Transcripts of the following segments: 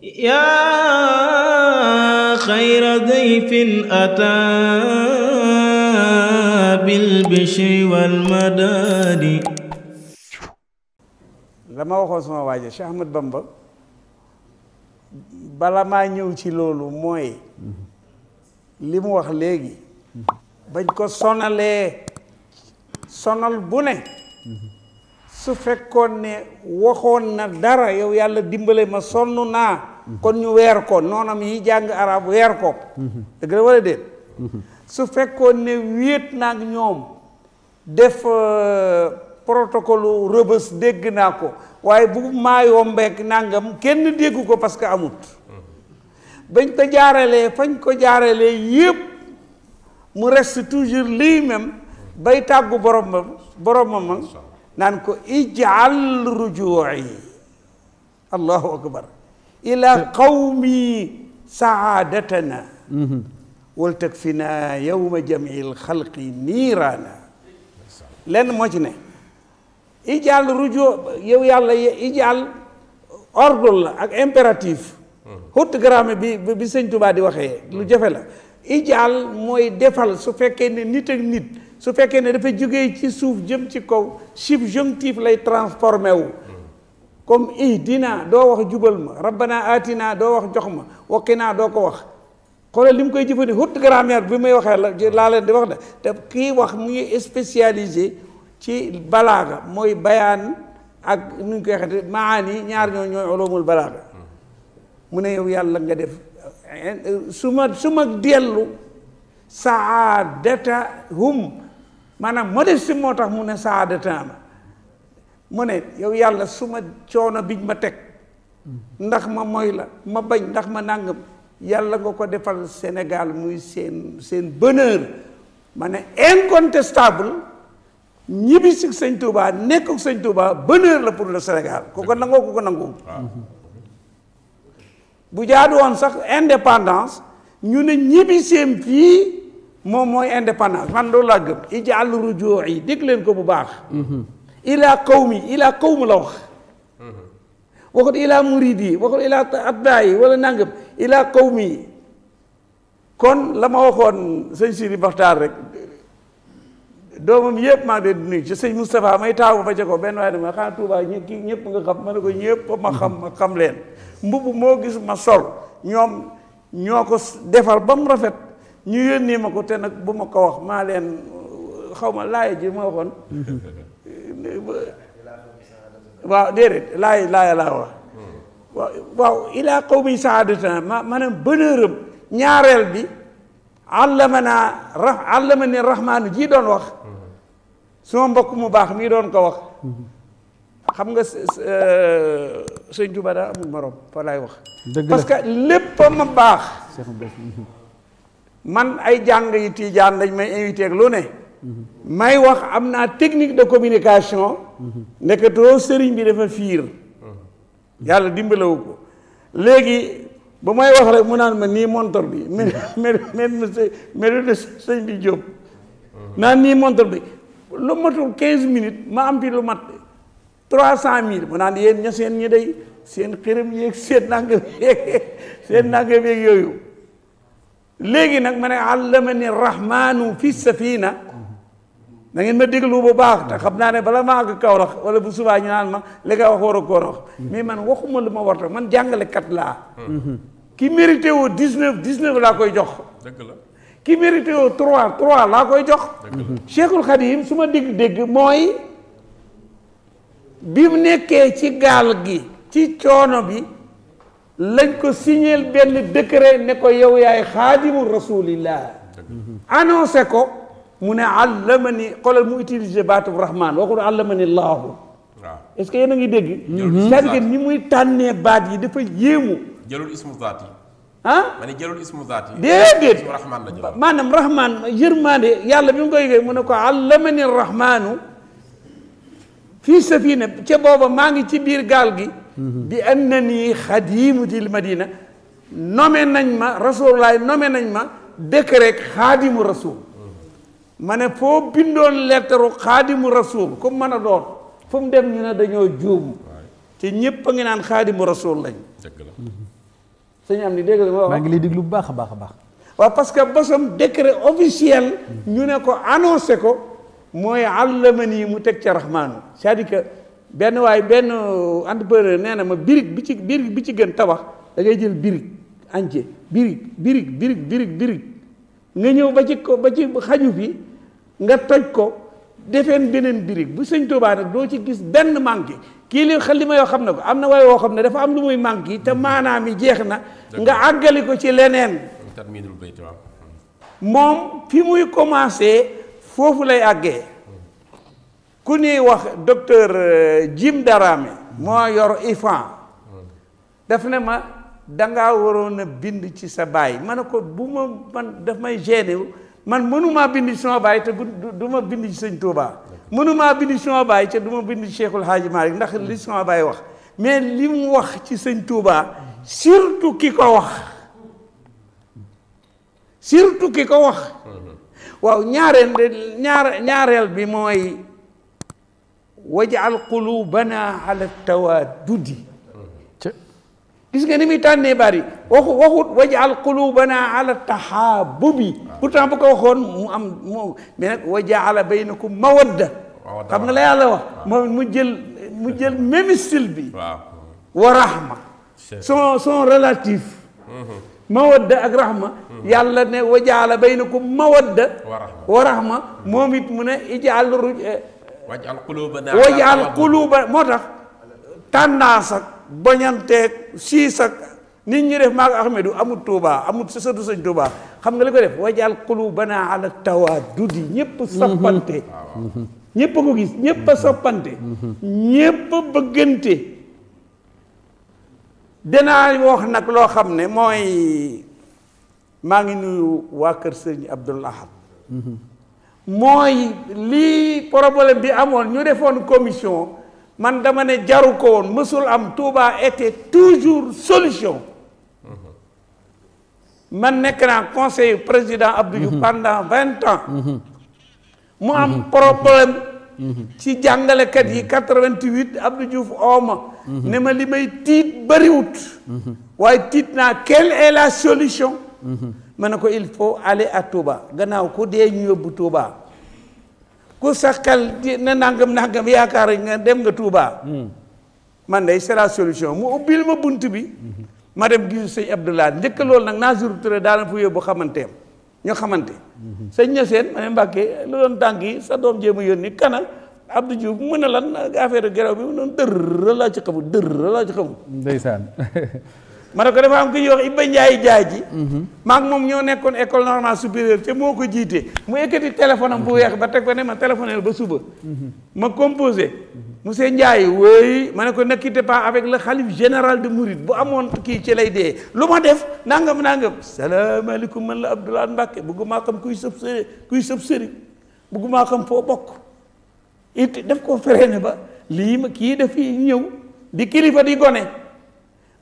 yaa xayra dayfin ataa bil bishri wal madaadi dama waxoon sama waaje Cheikh Ahmad Bamba bala maa ñëw ci loolu mooy li mu wax léegi bañ ko sonalee sonal bu ne su fekkoon ne waxoon na dara yow yàlla dimbale ma sonn naa kon ñu weer ko noonam yi jàng arab weer ko dëgg la wala déet su fekkoon ne wéet naa ak ñoom def euh, protocole rëbës dégg naa ko waaye bu maayombeek nangam kenn dégg ko parce que amut bañ ko jaaralee fañ ko jaaralee yëpp mu reste toujours lii même bay tàggu boromam boromam naan ko ijal rujuuci allahu akbar ila qawmi saadatana mhm. wal takfina yowma jamci alxalqi niiraana lenn moo ci ne ijal rujuu yow yàlla ijal ordre la ak impératif mhm. haute grammaire bi bi sëñ Tuubaa di waxee lu jafe la ijal mooy defal su fekkee ne nit ak nit su fekkee ne dafa jóge ci suuf jëm ci kaw subjonctif lay transformé wu comme ihdina doo wax jubal ma rabbana atina doo wax jox ma naa doo ko wax xoolal li mu koy jëfandikoo haute grammaire bi may waxee la laa leen di wax de te kii wax mu ngi spécialisé ci balaaga mooy bayaan ak nu ñu koy waxee maani ñaar ñoo ñooy balaaga mu ne yow yàlla nga def eh, eh, su ma su ma dellu saadata hum maanaam modestie moo tax mu ne saadataa ma mu ne yow yàlla suma coono biñ ma teg ndax ma mooy la ma bañ ndax ma nàngam yàlla nga ko defal Sénégal muy seen seen bonheur ma ne incontestable ñibbi si sëñ Touba nekk sëñ Touba bonheur la pour le Sénégal ku ko nangoo ku ko nangu bu jaadu woon sax indépendance ñu ne ñibbi fii moom mooy indépendance man loolu laa gëm ijaal rujuu yi dégg leen ko bu baax mhm. ilaa qawmi ilaa qawmi la wax mhm. waxut ilaa murid yi waxut ilaa atbaa yi wala nangam ilaa kaw mi kon la ma waxoon sëñ Sidi Baxtaar rek doomam yëpp maa ngi leen di nuyu ci sëñ Moustapha may taaw ba fa ca ko benn waaye dama xanaa Touba ñi kii ñëpp nga xam ma ne ko ñëpp ma mhm. xam ma xam leen mbubb moo gis ma sol ñoom ñoo ko defal ba mu rafet ñu yónnee ma ko te nag bu ma ko wax maa leen xaw ma laaya ji ma waxoon waaw déedéet laaya laaya laa wax waaw waaw ilaa qawmi saadatan ma maanaam bonheuram ñaareel bi àllama naa ra àllama rahmaanu ji doon wax suma mbokk mu baax mii doon ko wax xam nga euh, sëñ Tuba daa amul morom fa parce que lépp ma baax man ay jàng yi tiijaan dañ may invité ak lu ne may wax am naa technique de communication nekkatoo sëriñ bi dafa fiir yàlla dimbalawu ko léegi ba may wax rek mu naan ma nii montor bi mel mel mel de sëñ bi Jóob naan nii montor bi lu matul quinze minutes ma am fi lu mat trois cent mille mu naan yéen ña seen ñi day seen xërëm yéeg seen nangam yéeg seen nangam yéeg yooyu léegi nag ma ne allamani rahmaanu fi safina na ngeen ma déglu bu baax te xam naa ne bala ma àgg Kawlax wala bu subaa ñu naan ma li nga wax war a koo wax mais man waxuma lu ma warta man jàngalekat laa ki mérité woo dix-neuf laa koy jox dëgg la ki mérité woo trois trois laa koy jox Cheikhul Khadim su ma dégg-dégg mooy bi mu nekkee ci gaal gi ci coono bi lañ ko signeel benn décret ne ko yow yaay xaadimu rasulillah annoncé ko mu ne allamani xoolal mu utilisé baatub rahman waxul allamani laahu est ce que yéen a ngi dégg cest ni muy tànnee baat yi dafa yéemu jëlul ismu zaat yi ah ma ne jëlul ismu zaat yi rahman yërmande yàlla bi mu koy yëgee mu ne ko allamani rahmaanu fii safina ca booba maa ngi ci biir gaal gi bi na annani xadimu dil madina nome nañ ma rasulullah nome nañ ma décret xaadimu rasul ma ne foo bindoon lettre xaadimu rasul comme mën a doon fu mu dem ñu ne dañoo juum te ñëpp a ngi naan xaadimu rasul lañ sëñ am ni dégg nga maa bu baax a baax a baax waaw parce que bosam décret officiel ñu ne ko annoncé ko mooy àllamani mu teg ca rahmaanu cest à benn waaye benn entrepreneur nee na ma birig bi ci birig bi ci gën tabax da jël birig entier birig birig birig birig birig nga ñëw ba ci ko ba ci xaju bi nga toj ko defeen beneen birig bu sëñ Tuubaa nag doo ci gis benn manqué kii li li ma yoo xam ne ko am na waaye woo xam ne dafa am lu muy yi te maanaam yi jeex na nga àggali ko ci leneen moom fi muy commencé foofu lay àggee ku ñuy wax docteur euh, Jim Darame moo yor IFAN daf ne ma dangaa waroon a bind ci sa baay ma ne ko bu ma man daf may gêné man mënumaa bind ci sama baay te du ma bind ci sëñ Touba mënumaa bind ci sama baay te du ma bind ci Cheikhul Hadji Malick ndax li sama baay wax mais li mu wax ci sëñ Touba surtout ki ko wax surtout ki ko wax mm-hmm. waaw ñaareel ñaareel bi mooy wajal qulubana ala tawaddudi gis nga ni muy tànnee bari waxu waxut wajal qulubana ala tahabubi pourtant bu ko waxoon mu am mu mais nag mawadda xam nga la yàlla wax moom mu jël wa rahma son relatif mm-hmm. mawadda ak rahma mm-hmm. yàlla ne wajaala baynakum mawadda wa rahma moom it ijaal eh, wajal quluubana wajal quluuba moo tax tendance ak bañanteeg siis ak nit ñi def maag Ahmedu amut Tuuba amut sa sëtu sëñ Tuuba xam nga li ko def wajal quluubana ala tawaadudi ñëpp soppante ñëpp a ko gis ñëpp a soppante ñëpp a bëggante danaa wax nag loo xam ne mooy maa ngi nuyu waa kër sëñ Abdul Ahad mooy lii problème bi amoon ñu defoon commission man dama ne jaru ko woon mësul am Touba était toujours solution man nekk naa conseiller président Abdou Diouf mhm. pendant vingt ans mhm. mu am mhm. problème ci jàngalekat yi quatre-vingt-huit Abdou Diouf ne ma li may tiit bëriwut waaye tiit naa quelle est la solution ma ne ko il faut aller à Touba gannaaw ko dee ñu yóbbu Touba ku sa na ne nangam nangam yaakaar nga dem nga Touba. Hmm. man day c'est la solution mu ubbil ma bunt bi. ma dem gisu sëñ Abdoulaye njëkk loolu nag Nasirou Touré daana fa yóbbu xamanteem ñu xamante. Hmm. sëñ Niassène ma ne Mbàkke lu doon tànk yi sa doom jéem a yónni kana Abdou Diouf mu ne lan affaire geraw bi mu noonu dërr laa ci xamul dërr laa ci xamul. ndeysaan. ma ne ko dafa am ku ñuy wax Iba Ndiaye Ndiaye ji. Mhm. maak moom ñoo nekkoon école normale supérieure te moo ko jiite mu ekkati téléphone bu weex ba teg ko ne ma téléphoneel ba suba. Mhm. ma composé. monsieur Ndiaye wooy ma ne ko ne pas avec le khalife général de Mouride bu amoon kii ci lay dee lu ma def nangam nangam salaamaaleykum man la Abdoulaye Mbacke bëgguma xam kuy sëb sëri kuy sëb sëri bëgguma xam foo bokk. it daf ko freiné ba lii ma kii daf fi ñëw di kilifa di gone.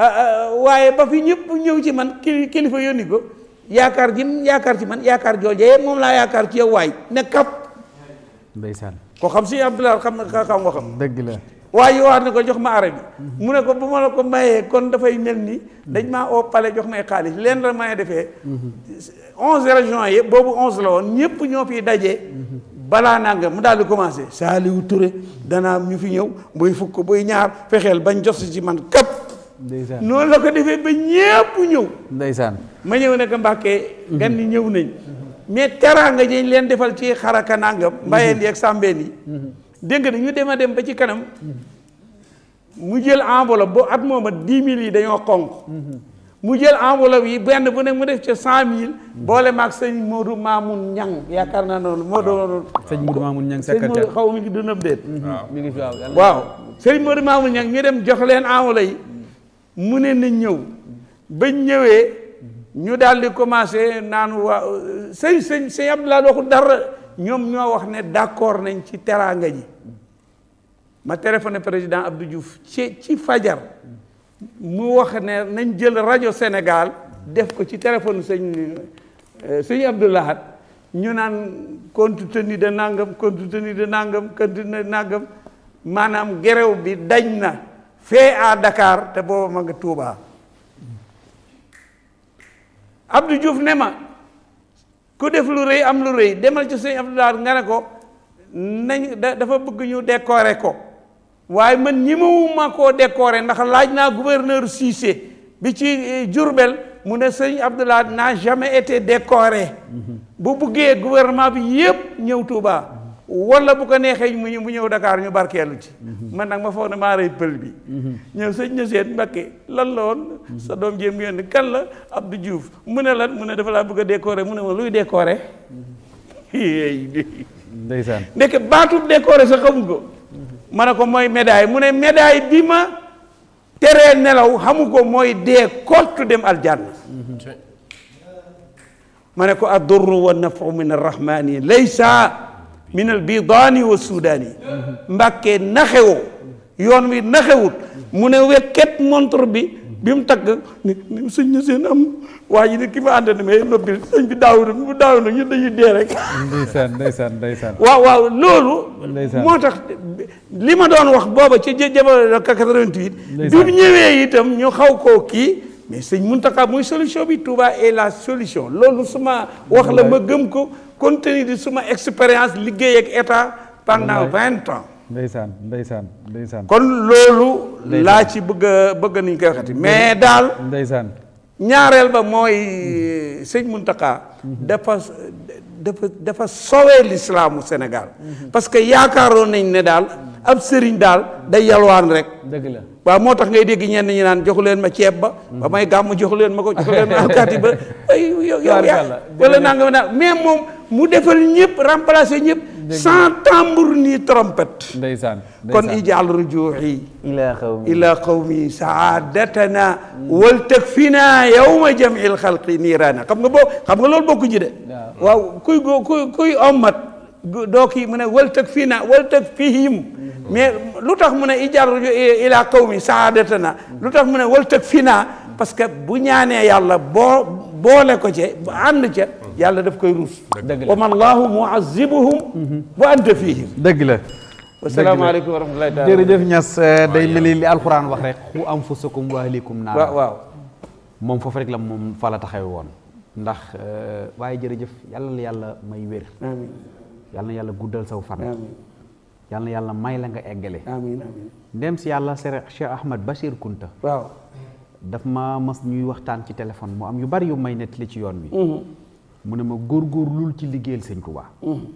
Ah, ah, waaye ba fi ñëpp ñëw ci man kilifa yónni ko yaakaar ji yaakaar ci man yaakaar joojee moom laa yaakaar ci yow waay ne kap ndeysaan ko xam suñu abdoulaye xam nga xam nga xam dëgg la waaye yowaat ne ko jox ma arab yi mhm. mu ne ko bu ma la ko mayee kon dafay mel ni mhm. dañ maa oo pale jox may xaalis leen la may defee mhm. onze régions yi boobu onze la woon ñëpp ñoo fi daje balaa nanga mu daal di commencé Saliou Touré danaa ñu fi ñëw buy fukk buy ñaar fexeel bañ jos ci man kap ndeysaan noonu la ko defee ba ñépp ñëw ndeysaan ma ñëw ne ko Mbàkke gan ñi ñëw nañ mais nga ji leen defal ci xaraka nangam mbayeen yi ak sàmbeen yi dégg nga ñu dem a dem ba ci kanam mu jël enveloppe bu at mooma dix mil yi dañoo xonq mu jël enveloppe yi benn bu ne mu def ca cent mille boole ak sëñ Modou Mamoun Ñang yaakaar naa noonu moo doon sëñ Modou Mamoun Ñang secrétaire xaw mi ngi du nëb déet ngi waaw sëñ Modou Mamoun Ñang ñu dem jox leen enveloppe yi mu ne na ñëw bañ ñëwee ñu daal di commencé naan waa sëñ sëñ sëñ Abdoulaye waxu dara ñoom ñoo wax ne d'accord nañ ci teraanga ji ma téléphone président Abdou Diouf ci ci fajar mu wax ne nañ jël rajo Sénégal def ko ci téléphone sëñ euh, sëñ Abdoulahat ñu naan compte tenu de nangam compte nàngam de nangam compte maanaam gerew bi dañ na fee à dakaar te booba ma nga Touba Abdou Diouf ne ma ku def lu rëy am lu rëy demal ci sëñ Abdou Lahad nga ne ko nañ dafa bëgg ñu décorer ko waaye man ñi ma koo décorer ndax laaj naa gouverneur Cissé bi ci Jurbel eh, mu ne sëñ Abdou Lahad n'a jamais été décoré mm-hmm. bu buggee gouvernement bi yépp ñëw tuubaa wala bu ko neexee mu ñëw mu ñëw Dakar ñu barkeelu ci. Mhm. man nag ma foog ne maa rey pël bi. Mhm. ñëw sëñ ñu Mbakke lan la woon. Mhm. sa doom jéem mu yónni kan la Abdou Diouf mu ne lan mun ne dafa laa bëgg a décorer mu ne ma luy décorer. ndeysaan ndeke ma ne ko mooy médaille mu ne médaille bi ma teree nelaw xamu ko mooy dee kottu dem aljanna. ma ne ko addurru wa nafu min arrahmani laysa minal bidaani wa suudaani mbàkkee naxewoo yoon wi naxewut mu ne wekket montre bi bi mu takk suñ na seen am waa ji ne ki ma ànd na mais noppi sëñ bi daawul bu ñu dañuy dee rek ndeysaan ndeysaan ndeysaan waaw waaw loolu moo tax li ma doon wax booba ci jamono 88 bi mu ñëwee itam ñu xaw koo kii mais sëñ Mountakha mooy solution bi Touba et la solution loolu suma wax la ma gëm ko compte tenu suma expérience liggéey ak état pendant vingt ans ndeysaan ndeysaan ndeysaan kon loolu laa ci bëgg bëgg nañ koy waxati mais daal ndeysaan ñaareel ba mooy mhm. sëñ Mountakha mhm. dafa dafa dafa sowee l'islaamu Sénégal mhm. parce que yaakaaroon nañ ne daal ab sëriñ daal day yalwaan rek. dëgg la waaw moo tax ngay dégg ñenn ñi naan joxu leen ma ceeb ba. ba may gàmm joxu leen ma ko joxu leen ma alkaati ba. ay yow yaa wala naa nga naan mais moom mu defal ñëpp remplacer ñëpp. sans tambour ni trompet ndeysaan kon ijaal rujuuxi. ilaa qawmi ilaa qawmi saadatana. wal takfina yawma jamil xalqi niiraana xam nga boo xam nga loolu bokku ji de. waaw kuy kuy kuy ommat doo kii mu ne wal takfina wal takfihim mais lu tax mu ne ijar ila qawmi na lu tax mu ne wal tag fi naa parce que bu ñaanee yàlla boo boole ko ci bu ànd ca yàlla def koy ruus wa man laahu muazibuhum wa anta fihim dëgg la asalaamaaleykum wa rahmatullahi taala jërëjëf eh, day mel ni li alxuraan wax rek xu anfusakum wa ahlikum naar waaw moom foofu rek la moom fa la taxaw woon ndax eh, waaye jërëjëf yàlla la yàlla may wér yàlla na yàlla guddal saw fan yal na yàlla may la nga eggale amiin amiin ndem si yàlla sere Cheikh Ahmad Bachir Kunta waaw daf ma mas ñuy waxtaan ci téléphone mu am yu bari yu may nettali ci yoon wi mhm. mu ne ma góorgóorlul ci liggéeyal sëñ Tuubaa mhm.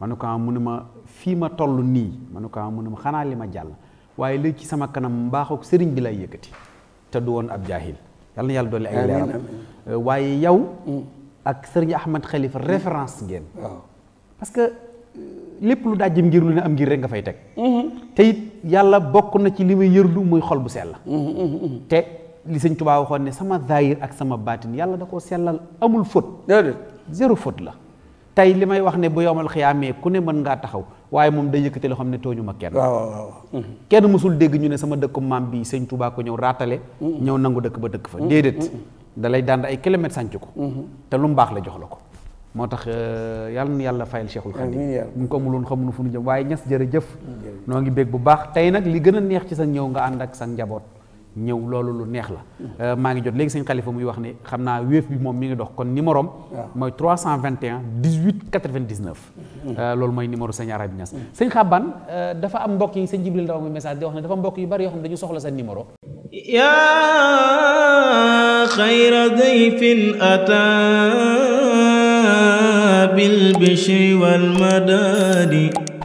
ma ne ko ah, mu ne ma fii ma toll nii ma ne ko ah, mu ne ma xanaa li ma jàll waaye li ci sama kanam mbaaxook sëriñ bi lay yëkkati te du woon ab jaahil yàlla dolli ay leeram waaye yow mhm. ak sëriñ Ahmad Khalifa référence ngeen lépp lu dajjim ngir lu ne am ngir rek nga fay teg mm-hmm. te it yàlla bokk na ci li may yërlu muy xol bu sell mm-hmm, mm-hmm. te li sëñ Tuubaa waxoon ne sama zaahir ak sama baatin yàlla da koo sellal amul faute zéro faute la tey li may wax ne bu yowmal xiyaamee ku ne mën ngaa taxaw waaye moom day yëkkati loo xam ne tooñu ma kenn kenn mësul dégg ñu ne sama dëkku maam bi sëñ Tuubaa ko ñëw raatale ñëw nangu dëkk ba dëkk fa déedéet da lay daan ay kilomètres sànc ko te lu mu baax la jox la ko moo tax euh, yàlla na yàlla fayal Cheikhul Khadim bu ko amuloon xamuñu fu ñu jëm waaye ñes jërëjëf noo ngi bég bu baax tey nag li gën neex ci sa ñëw nga ànd ak sa njaboot ñëw loolu lu neex la mm. euh, maa ngi jot léegi sëñ Xalifa muy wax ne xam naa wéef bi moom mi ngi dox kon numérom mooy 321 18 99 loolu mooy numéro sëñ Arabi Niass sëñ Xaban euh, dafa am mbokk yi sëñ Jibril Ndaw muy message di wax ne dafa mbokk yu bari yoo xam ne dañu soxla sa numéro yaa xayra dayfin ataa بالبشر والمداد